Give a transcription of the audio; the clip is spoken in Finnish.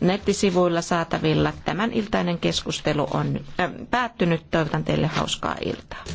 nettisivuilla saatavilla. Tämän iltainen keskustelu on päättynyt. Toivotan teille hauskaa iltaa.